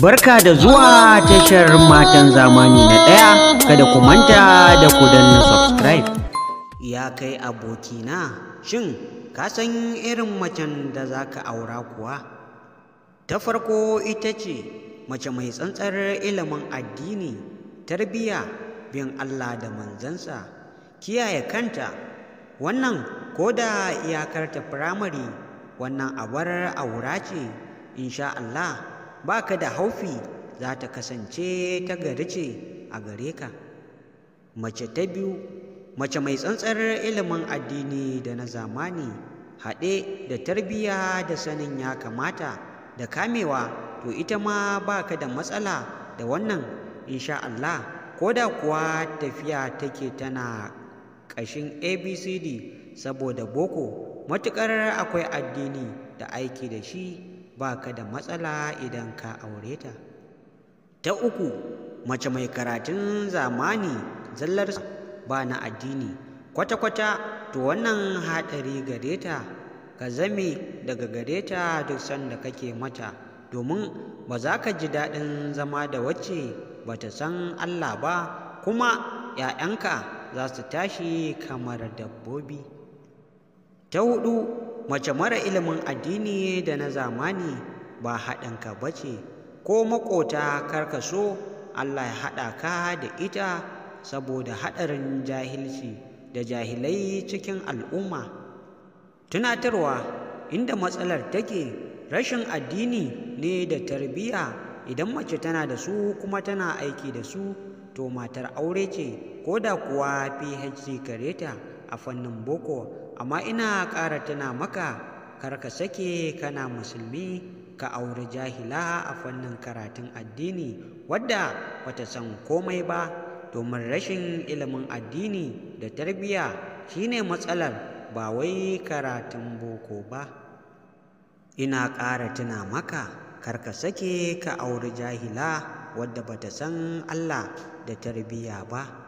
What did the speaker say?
Barka da zuwa tashar matan zamani na ɗaya kada ku manta da ku danna subscribe. Ya kai abokina, shin ka san irin macen da za ka aura kuwa? Ta farko ita ce mace mai tsantsar ilimin addini, tarbiyya, bin Allah da manzansa, kiyaye kanta, wannan koda da iyakarta firamare wannan abar aura ce, insha Allah. Ba ka da haufi za ta kasance ta gari ce a gare ka mace ta biyu mace mai tsantsar ilimin addini da na zamani haɗe da tarbiyya da sanin ya kamata da kamewa to ita ma ba ka da matsala da wannan insha Allah ko da kuwa tafiya take tana ƙashin abcd saboda boko matuƙar akwai addini da aiki da shi ba ka da matsala idan ka aure ta ta uku mace mai karatun zamani zallar ba na addini kwata-kwata to wannan haɗari gare ta ka zame daga gare ta duk sanda kake mata domin ba za ka ji daɗin zama da wacce ba ta san Allah ba kuma ‘ya'yanka za su tashi kamar dabbobi. ta hudu mace mara ilimin addini da na zamani ba haɗinka ba ce ko maƙota karka so allah ya haɗa ka da ita saboda haɗarin jahilci da jahilai cikin al'umma tunatarwa inda matsalar take rashin addini ne da tarbiyya idan mace tana da su kuma tana aiki da su to matar aure ce ko da kuwa phd kareta a fannin boko amma ina ƙara tuna maka kar ka sake kana musulmi ka auri jahila a fannin karatun addini wadda bata san komai ba domin rashin ilimin addini da tarbiyya shine matsalar ba wai karatun boko ba ina ƙara tuna maka kar ka sake ka auri jahila wadda bata san Allah da tarbiyya ba